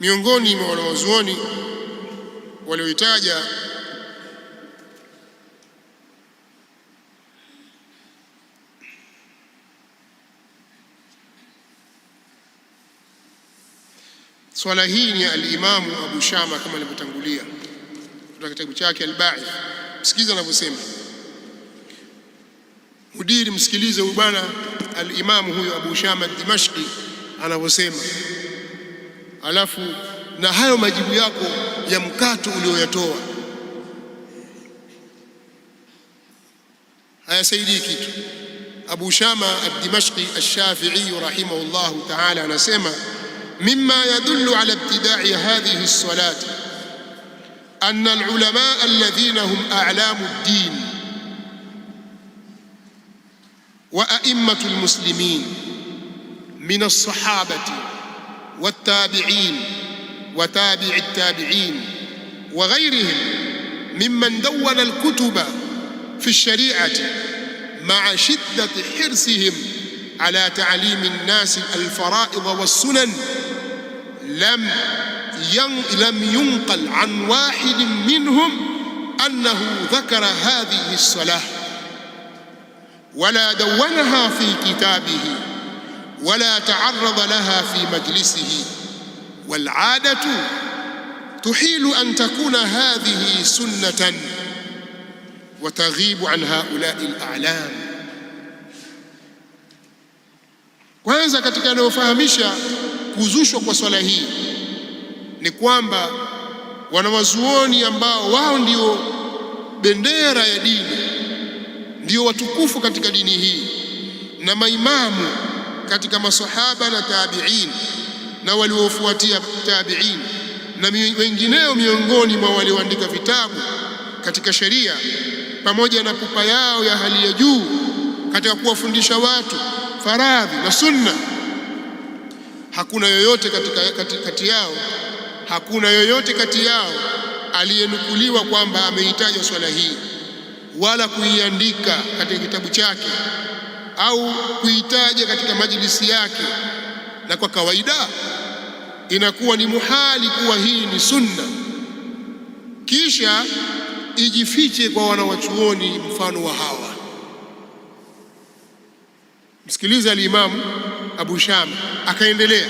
Miongoni mwa wanawazuoni walioitaja swala hii ni alimamu Abu Shama kama alivyotangulia kutoka kitabu chake Albaith. Msikiliza anavyosema mudiri, msikilize huyu bwana alimamu huyu Abu Shama Dimashqi anavyosema alafu na hayo majibu yako ya mkato ulioyatoa hayasaidii kitu. Abu Shama ad-Dimashqi ash-Shafi'i rahimahullahu ta'ala anasema mimma yadullu ala ibtida'i hadhihi as-salati anna al-ulama alladhina hum a'lamu ad-din wa a'immatu al-muslimin min as-sahabati والتابعين وتابع التابعين وغيرهم ممن دون الكتب في الشريعة مع شدة حرصهم على تعليم الناس الفرائض والسنن لم لم ينقل عن واحد منهم أنه ذكر هذه الصلاة ولا دونها في كتابه wala taarada laha fi majlisihi waladatu tuhilu an takuna hadhihi sunnatan wa taghibu an haulai alalam. Kwanza katika yanayofahamisha kuzushwa kwa swala hii ni kwamba wanawazuoni ambao wao ndio bendera ya dini, ndio watukufu katika dini hii na maimamu katika masahaba na tabiin na waliofuatia tabiin na wengineo miongoni mwa walioandika vitabu katika sheria pamoja na pupa yao ya hali ya juu katika kuwafundisha watu faradhi na sunna. Hakuna yoyote katika, kati, kati yao hakuna yoyote kati yao aliyenukuliwa kwamba ameitaja swala hii wala kuiandika katika kitabu chake au kuitaja katika majlisi yake, na kwa kawaida inakuwa ni muhali kuwa hii ni sunna, kisha ijifiche kwa wanawachuoni mfano wa hawa. Msikilize alimamu Abu Shama akaendelea,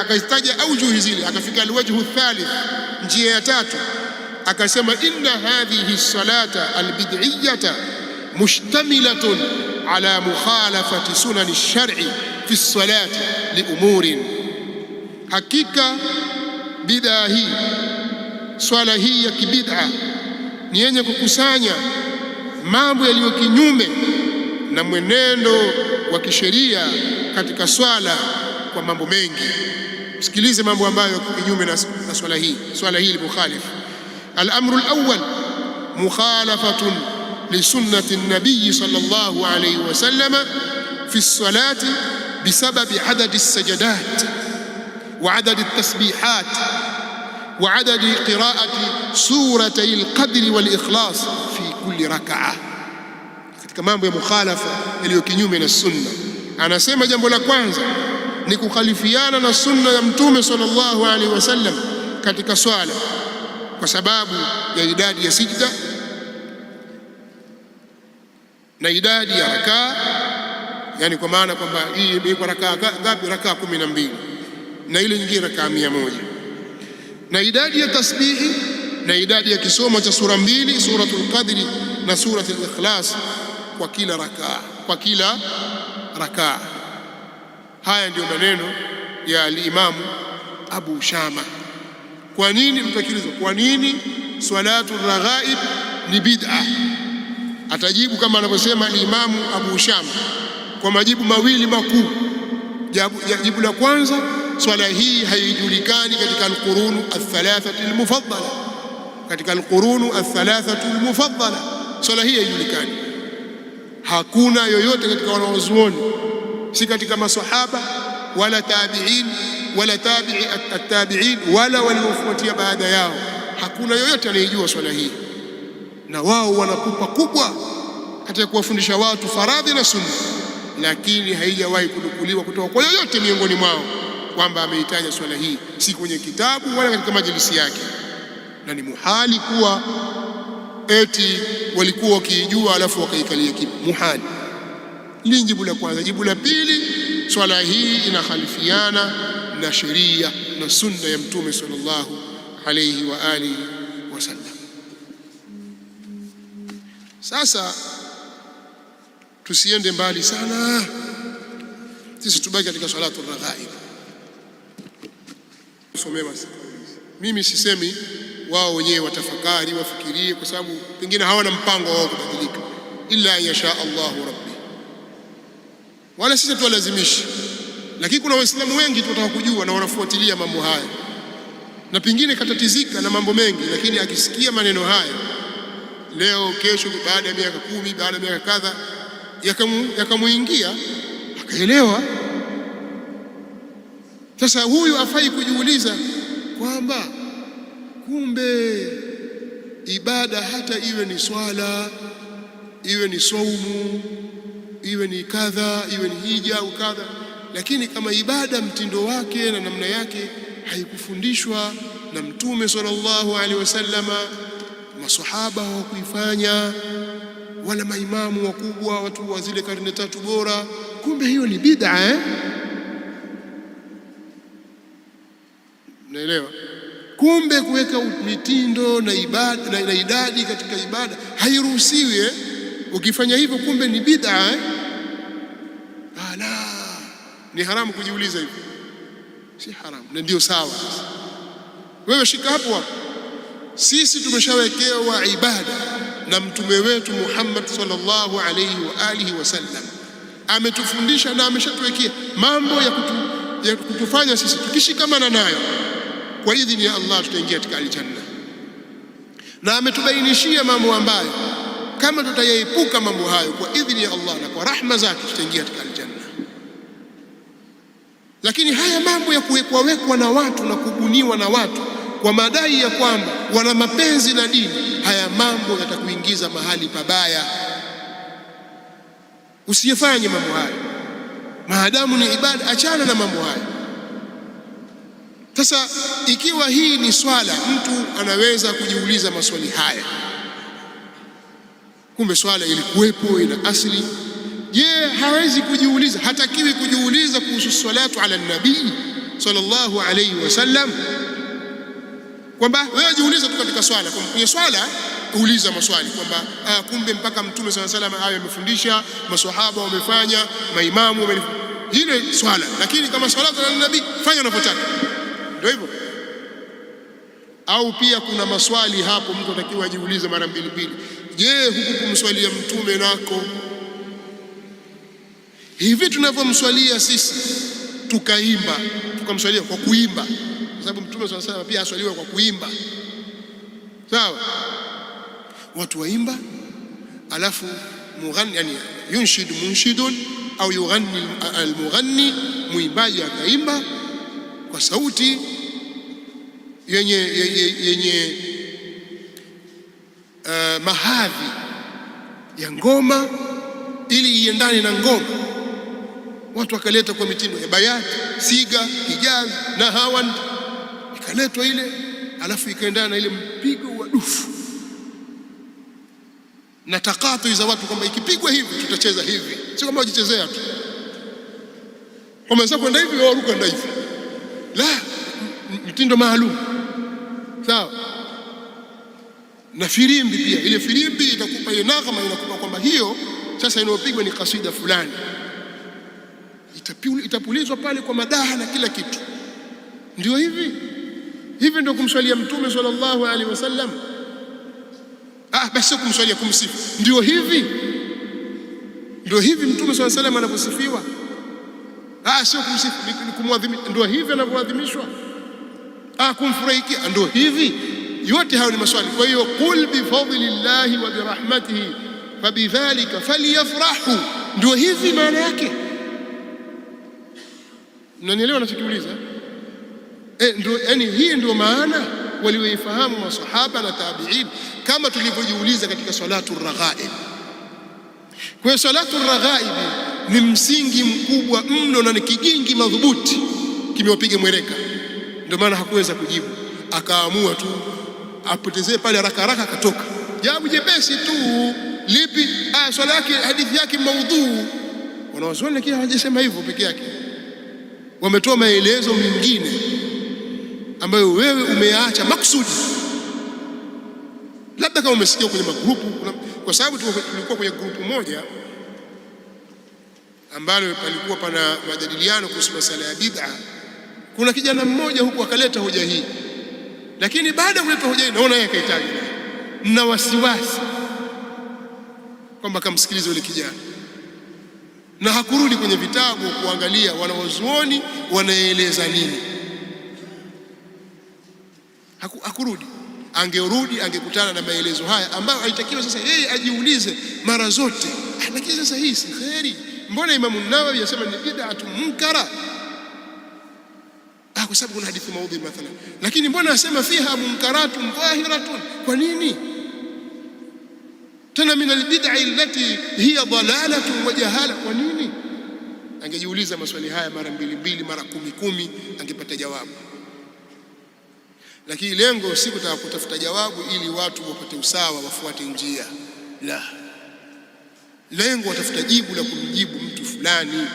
akazitaja aujuhi zile, akafika alwajhu thalith, njia ya tatu, akasema inna hadhihi salata albid'iyata mushtamilatun ala mukhalafati sunani lshari fi lsalati liumurin, hakika bid'a hii swala hii ya kibid'a ni yenye kukusanya mambo yaliyo kinyume na mwenendo wa kisheria katika swala kwa mambo mengi. Msikilize mambo ambayo yako kinyume na swala hii, swala hii limukhalifu. Al-amru al-awwal mukhalafatun لسنة النبي صلى الله عليه وسلم في الصلاة بسبب عدد السجدات وعدد التسبيحات وعدد قراءة سورتي القدر والإخلاص في كل ركعة katika mambo ya mukhalafa yaliyo kinyume na sunna anasema jambo la kwanza ni kukhalifiana na sunna ya mtume sallallahu alaihi wasallam katika swala kwa sababu ya idadi ya sijda na idadi ya rakaa, yani kwa maana kwamba hii imekuwa rakaa ngapi? Rakaa kumi na mbili na ile nyingine rakaa mia moja na idadi ya tasbihi na idadi ya kisomo cha sura mbili, Suratul Qadri na Suratul Ikhlas kwa kila rakaa, kwa kila rakaa. Haya ndiyo maneno ya alimamu Abu Shama. Kwa nini mtakirizwa? Kwa nini swalatu raghaib ni bid'a? atajibu kama anavyosema imamu Abu Shama kwa majibu mawili makuu. Jibu la kwanza, swala hii haijulikani katika alqurunu athalathatu almufaddala, katika alqurunu athalathatu almufaddala, swala hii haijulikani. Hakuna yoyote katika wanaozuoni, si katika masahaba wala tabiin wala tabii at-tabiin wala waliofuatia baada yao, hakuna yoyote anayejua swala hii na wao wanakupa kubwa katika kuwafundisha watu faradhi na sunna, lakini haijawahi kunukuliwa kutoka kwa yoyote miongoni mwao kwamba ameitaja swala hii, si kwenye kitabu wala katika majlisi yake, na ni muhali kuwa eti walikuwa wakiijua alafu wakaikalia kipi? Muhali. Ni jibu la kwanza. Jibu la pili, swala hii inahalifiana na sheria na sunna ya Mtume sallallahu alayhi wa alihi wasallam. Sasa tusiende mbali sana, sisi tubaki katika salatu raghaib. Somewa mimi sisemi wao wenyewe watafakari, wafikirie, kwa sababu pengine hawana mpango wao kubadilika, illa an yasha Allahu rabbi, wala sisi tuwalazimishi. Lakini kuna waislamu wengi tunataka kujua na wanafuatilia mambo haya, na pengine katatizika na mambo mengi, lakini akisikia maneno haya leo, kesho, baada ya miaka kumi, baada ya miaka kadha, yakamwingia akaelewa. Sasa huyu afai kujiuliza kwamba kumbe ibada hata iwe ni swala, iwe ni saumu, iwe ni kadha, iwe ni hija au kadha, lakini kama ibada mtindo wake na namna yake haikufundishwa na Mtume sallallahu alaihi wasallama masahaba hawakuifanya wala maimamu wakubwa, watu wa zile karne tatu bora. Kumbe hiyo ni bid'a eh? Naelewa. Kumbe kuweka mitindo na ibada, na, na idadi katika ibada hairuhusiwi eh? Ukifanya hivyo kumbe ni bid'a eh? Ala, ah, ni haramu kujiuliza hivyo, si haramu na ndio sawa. Wewe shika hapo hapo sisi tumeshawekewa ibada na mtume wetu Muhammad sallallahu alayhi wa alihi wasallam, ametufundisha na ameshatuwekea mambo ya, kutu, ya kutufanya sisi tukishikamana nayo kwa idhini ya Allah tutaingia katika aljanna, na ametubainishia mambo ambayo kama tutayaepuka mambo hayo kwa idhini ya Allah na kwa rahma zake tutaingia katika aljanna. Lakini haya mambo ya wekwa na watu na kubuniwa na watu kwa madai ya kwamba wana mapenzi na dini, haya mambo yatakuingiza mahali pabaya. Usiyefanye mambo hayo maadamu ni ibada, achana na mambo hayo. Sasa ikiwa hii ni swala, mtu anaweza kujiuliza maswali haya, kumbe swala ilikuwepo, ina asili. Je, hawezi kujiuliza, hatakiwi kujiuliza kuhusu salatu ala nabii sallallahu alayhi wasallam? kwamba wewe jiulize tu katika swala, kwenye swala uliza maswali kwamba ah, kumbe mpaka Mtume sala salam hayo amefundisha, maswahaba wamefanya, maimamu wame hile swala. Lakini kama swala za nabii, fanya unapotaka, ndio hivyo. Au pia kuna maswali hapo mtu atakiwa ajiulize mara mbili mbili. Je, huku kumswalia mtume nako hivi tunavyomswalia sisi, tukaimba tukamswalia kwa kuimba sababu Mtume swalla sallam pia aswaliwe kwa kuimba. Sawa, watu waimba, alafu mughani, yani yunshid munshidun au yughanni almughanni, muimbaji akaimba kwa sauti yenye, yenye, yenye uh, mahadhi ya ngoma ili iendane na ngoma. Watu wakaleta kwa mitindo ya bayati, siga, hijazi na hawan ikaletwa ile, alafu ikaendana na ile mpigo wa dufu na takato za watu kwamba ikipigwa hivi tutacheza hivi, si kama wajichezea tu wameweza kwenda hivi, waruka nda hivi, la mtindo maalum sawa. Na firimbi pia, ile firimbi itakupa ile naghma, inakupa kwamba hiyo sasa inayopigwa ni kasida fulani, itapulizwa pale kwa madaha na kila kitu, ndio hivi. Hivi ndio kumswalia Mtume sallallahu alaihi wasallam? Ah, basi kumswalia, kumsifu ndio hivi, ndio hivi Mtume sallallahu alaihi wasallam anavyosifiwa. Ah, sio kumsifu, ni kumwadhimisha. Ndio hivi anavyoadhimishwa. Ah, kumfurahikia, ndio hivi. Yote hayo ni maswali. Kwa hiyo qul fadlillahi wa bi fabidhalika falyafrahu, ndio hivi maana yake. Mnanielewa nachokiuliza? Yaani yani hii ndio maana walioifahamu masahaba na tabiin, kama tulivyojiuliza katika salatu raghaib. Kwa hiyo salatu raghaib ni msingi mkubwa mno na ni kigingi madhubuti kimewapiga mwereka, ndio maana hakuweza kujibu, akaamua tu apotezee pale haraka haraka, akatoka jawabu jepesi tu. Lipi? Ah, swala yake hadithi yake maudhuu. Wanawazoni lakini hawajasema hivyo peke yake, wametoa maelezo mengine ambayo wewe umeyaacha makusudi. Labda kama umesikia kwenye magrupu, kwa sababu tulikuwa kwenye grupu moja ambalo palikuwa pana majadiliano kuhusu masala ya bid'a. Kuna kijana mmoja huku akaleta hoja hii, lakini baada ya kuleta hoja hii naona yeye akahitaji na wasiwasi kwamba akamsikiliza yule kijana, na hakurudi kwenye vitabu kuangalia wanawazuoni wanaeleza nini hakurudi. Angerudi angekutana na maelezo haya ambayo alitakiwa sasa yeye ajiulize mara zote, ah, lakini sasa hii si kheri, mbona Imamu Nawawi asema ni bid'atu munkara ah, kwa sababu kuna hadithi maudhi mathalan, lakini mbona asema fiha munkaratun dhahiratun? Kwa nini tena min albid'i allati hiya dalalatu wa jahala? Kwa nini? Angejiuliza maswali haya mara mbili mbili, mara kumi kumi, angepata jawabu lakini lengo si kutaka kutafuta jawabu ili watu wapate usawa, wafuate njia la lengo, watafuta jibu la kumjibu mtu fulani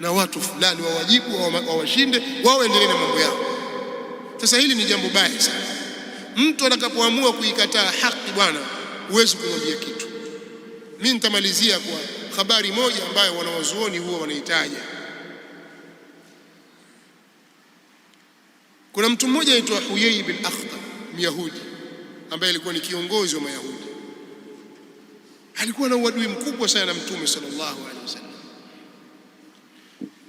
na watu fulani wawajibu, wawashinde, wao waendelee na mambo yao. Sasa hili ni jambo baya sana. Mtu atakapoamua kuikataa haki, bwana, huwezi kumwambia kitu. Mimi nitamalizia kwa habari moja ambayo wanawazuoni huwa wanaitaja Kuna mtu mmoja aitwa Huyai bin Akhtab, Myahudi ambaye alikuwa ni kiongozi wa Mayahudi. Alikuwa na uadui mkubwa sana na Mtume sallallahu alaihi wasallam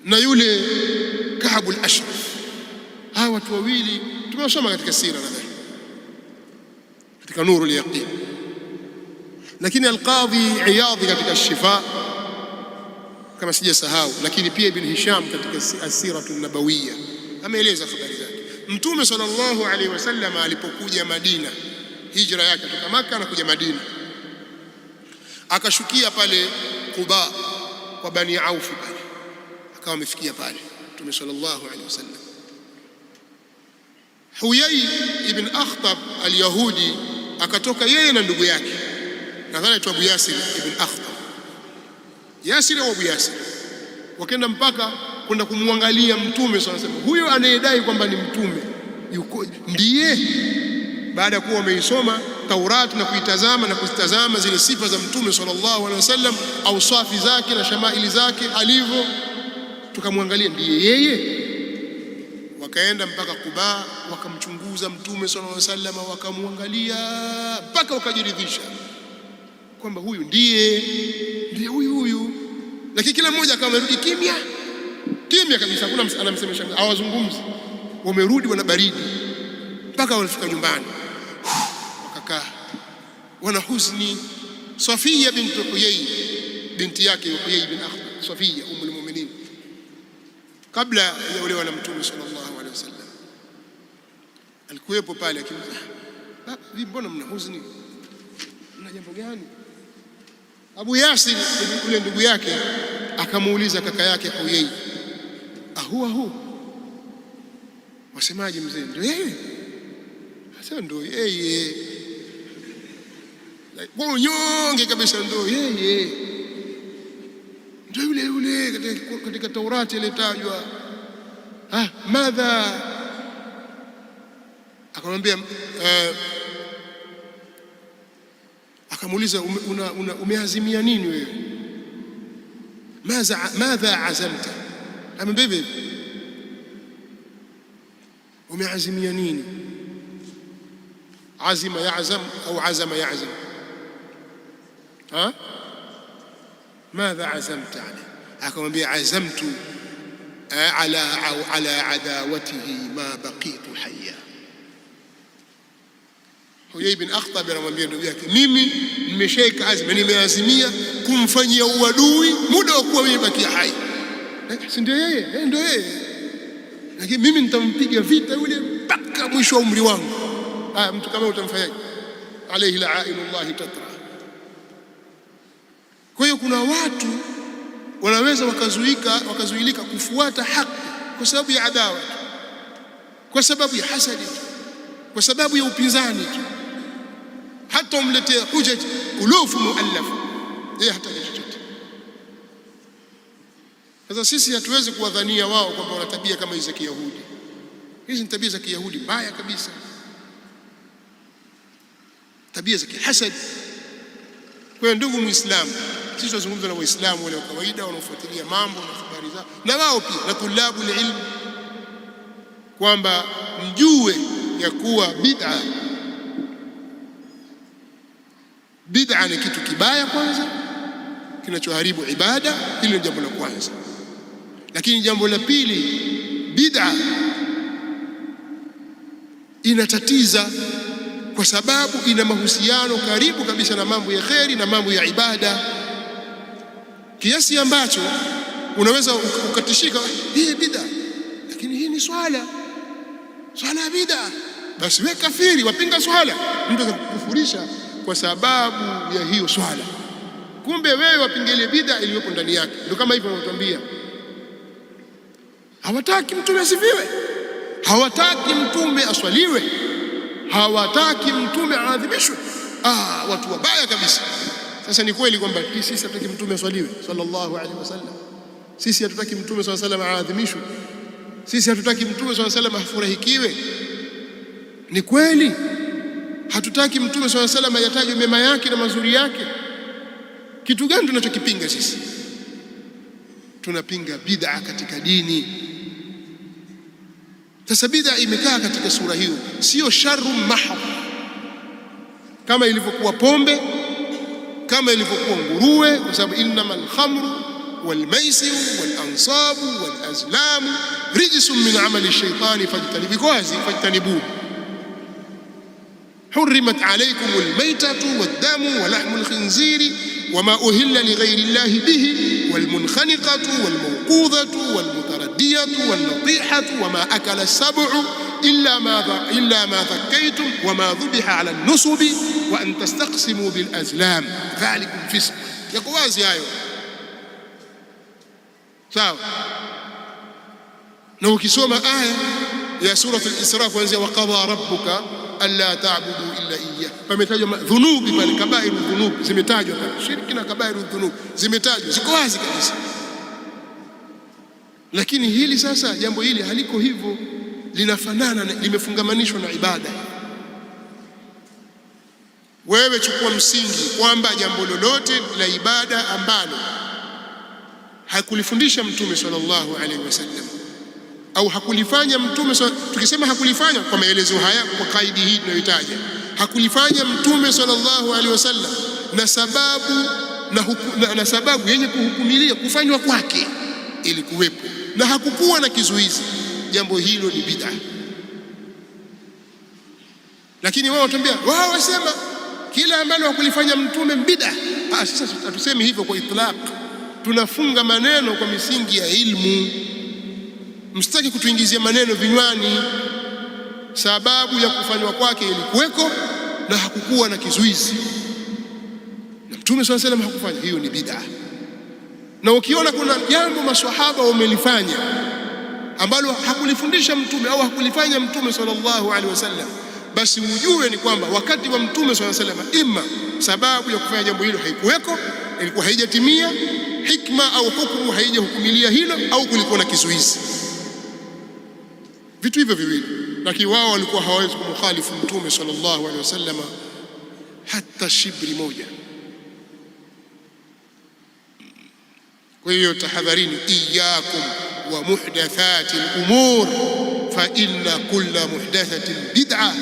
na yule Kaabul Ashraf. Hawa watu wawili tumewasoma katika sira na katika Nurul Yaqin, lakini Alqadhi Iyadhi katika Shifa kama sijasahau, lakini pia Ibn Hisham katika Asiratu Nabawiya ameeleza habari Mtume sallallahu alaihi wasallam alipokuja Madina, hijra yake kutoka Maka na kuja Madina, akashukia pale Quba kwa Bani Aufu pale, akawa amefikia pale Mtume sallallahu alaihi wasallam. Huyai ibn Akhtab al-Yahudi akatoka yeye na ndugu yake, nadhani aitwa Abu Yasir ibn Akhtab, Yasir au Abu Yasir, wakenda mpaka kwenda kumwangalia Mtume swalla sallam, huyo anayedai kwamba ni mtume yuko ndiye. Baada ya kuwa wameisoma Taurati na kuitazama na kuzitazama zile sifa za Mtume sallallahu alaihi wasallam, au safi zake na shamaili zake alivyo, tukamwangalia ndiye yeye. Wakaenda mpaka Quba wakamchunguza Mtume sallallahu alaihi wasallam, wakamwangalia mpaka wakajiridhisha kwamba huyu ndiye ndiye huyu huyu, lakini kila mmoja akawa amerudi kimya kimya kabisa, hakuna anamsemesha, hawazungumzi. Wamerudi wana baridi mpaka wanafika nyumbani wakakaa, wana huzni Safiya binti Huyai, binti yake Huyai bin Akhtab, Safiya umul mu'minin, kabla ya ulewa na Mtume sallallahu alaihi wasallam, alikuwepo pale akimuuliza, ah, vi, mbona mna huzuni, mna jambo gani? Abu Yasir yule ndugu yake akamuuliza kaka yake Huyai ahua ah, hu wasemaje mzee? Ndio yeye sasa, ndio yeye kwa unyonge kabisa, ndio yeye ndio yule yule katika Taurati aliyetajwa. Ah, madha akamwambia uh, akamuuliza umeazimia nini wewe? madha azamta من بيبي هم يعزم ينيني عزم يعزم أو عزم يعزم ها ماذا عزمت عليه أكما عزمت على أو على عداوته ما بقيت حيا هو يبن أخطى برمان بيرد وياك ميمي مشيك عزم ميمي عزمية كن فني أولوي مدى أقوى حي si ndio yeye eh, ndio yeye, lakini mimi nitampiga vita yule mpaka mwisho wa umri wangu. Ah, mtu kama utamfanyaje? Alayhi la'ainullahi tatra. Kwa hiyo kuna watu wanaweza wakazuilika, wakazuilika kufuata haki kwa sababu ya adawa, kwa sababu ya hasadi, kwa sababu ya upinzani tu, hata umletea hujaj ulufu muallaf yeye hata kitu sasa sisi hatuwezi kuwadhania wao kwamba wana tabia kama hizi za Kiyahudi. Hizi ni tabia za Kiyahudi mbaya kabisa, tabia za kihasad. Kwa hiyo ndugu Muislamu, sisi tunazungumza na Waislamu wale wa kawaida wanaofuatilia mambo na habari zao, na wao pia na tulabu ilmu, kwamba mjue ya kuwa bid'a bid'a ni kitu kibaya kwanza, kinachoharibu ibada. Hili ni jambo la kwanza. Lakini jambo la pili, bid'a inatatiza kwa sababu ina mahusiano karibu kabisa na mambo ya kheri na mambo ya ibada, kiasi ambacho unaweza ukatishika, hii bid'a, lakini hii ni swala, swala ya bid'a, basi we kafiri, wapinga swala, mtu atakukufurisha kwa sababu ya hiyo swala. Kumbe wewe wapinga bid'a iliyopo ndani yake. Ndio kama hivyo anatuambia. Hawataki mtume asifiwe, hawataki mtume aswaliwe, hawataki mtume aadhimishwe. Ah, watu wabaya kabisa. Sasa ni kweli kwamba sisi hatutaki mtume aswaliwe sallallahu alaihi wasallam, sisi hatutaki mtume sallallahu alaihi wasallam aadhimishwe, sisi hatutaki mtume sallallahu alaihi wasallam afurahikiwe. Ni kweli hatutaki mtume sallallahu alaihi wasallam ayatajwe mema yake na mazuri yake. Kitu gani tunachokipinga sisi? Tunapinga bid'a katika dini. Sasa bid'a imekaa katika sura hiyo, sio sharu mahab, kama ilivyokuwa pombe, kama ilivyokuwa nguruwe, kwa sababu innamal khamru wal maisiru wal ansabu wal azlamu rijsun min amali shaitani fajtanibu, iko wazi, fajtanibu hurrimat alaykum almaytatu waddamu walahmu alkhinziri wama uhilla lighairi llahi bihi walmunkhanqatu walmawqudhatu wal الودية والنطيحة وما أكل السبع إلا ما إلا ما ذكيتم وما ذبح على النصب وأن تستقسموا بالأزلام ذلك فسق يا قوازي أيوة سواء لو كسوما آية يا سورة الإسراف وأنزل وقضى ربك ألا تعبدوا إلا إياه فمتاجوا ذنوب بل كبائر الذنوب زمتاج شركنا كبائر الذنوب زمتاج زكوازي كبائر Lakini hili sasa, jambo hili haliko hivyo, linafanana, limefungamanishwa na ibada. Wewe chukua msingi kwamba jambo lolote la ibada ambalo hakulifundisha Mtume sallallahu alaihi wasallam au hakulifanya Mtume. Tukisema hakulifanya kwa maelezo haya, kwa kaidi hii tunayoitaja hakulifanya Mtume sallallahu alaihi wasallam na sababu na, huku, na, na sababu yenye kuhukumilia kufanywa kwake ili kuwepo na hakukuwa na kizuizi, jambo hilo ni bid'a. Lakini wao watambia, wao wasema kila ambalo hakulifanya mtume bid'a. Ah, sasa hatusemi hivyo kwa itlaq, tunafunga maneno kwa misingi ya ilmu. Msitaki kutuingizia maneno vinywani. Sababu ya kufanywa kwake ilikuweko na hakukuwa na kizuizi, na mtume sallallahu alaihi wasallam hakufanya. Hiyo ni bid'a. Na ukiona kuna jambo maswahaba wamelifanya ambalo hakulifundisha mtume au hakulifanya mtume sallallahu alaihi wasallam, basi ujue ni kwamba wakati wa mtume sallallahu alaihi wasallam, ima sababu ya kufanya jambo hilo haikuweko, ilikuwa haijatimia hikma au hukumu haijahukumilia hilo, au kulikuwa na kizuizi. Vitu hivyo viwili, lakini wao walikuwa hawawezi kumkhalifu mtume sallallahu alaihi wasallam hata shibri moja. Kwa hiyo tahadharini, iyyakum wa muhdathati al-umur fa inna kulla muhdathatin bid'a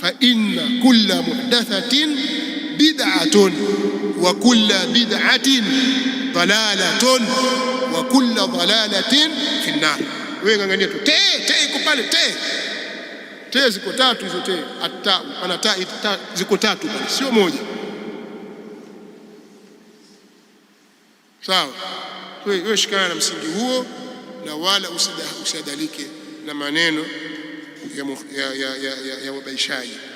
fa inna kulla muhdathatin bid'atun wa kulla bid'atin dalalatun wa kulla dalalatin fi nnar. Wewe ngangania tu te te, iko pale te te, ziko tatu hizo te, atta ana ta ziko tatu pale, sio moja. Sawa, wewe shikana na msingi huo, na wala usidhalike na maneno ya wabaishaji.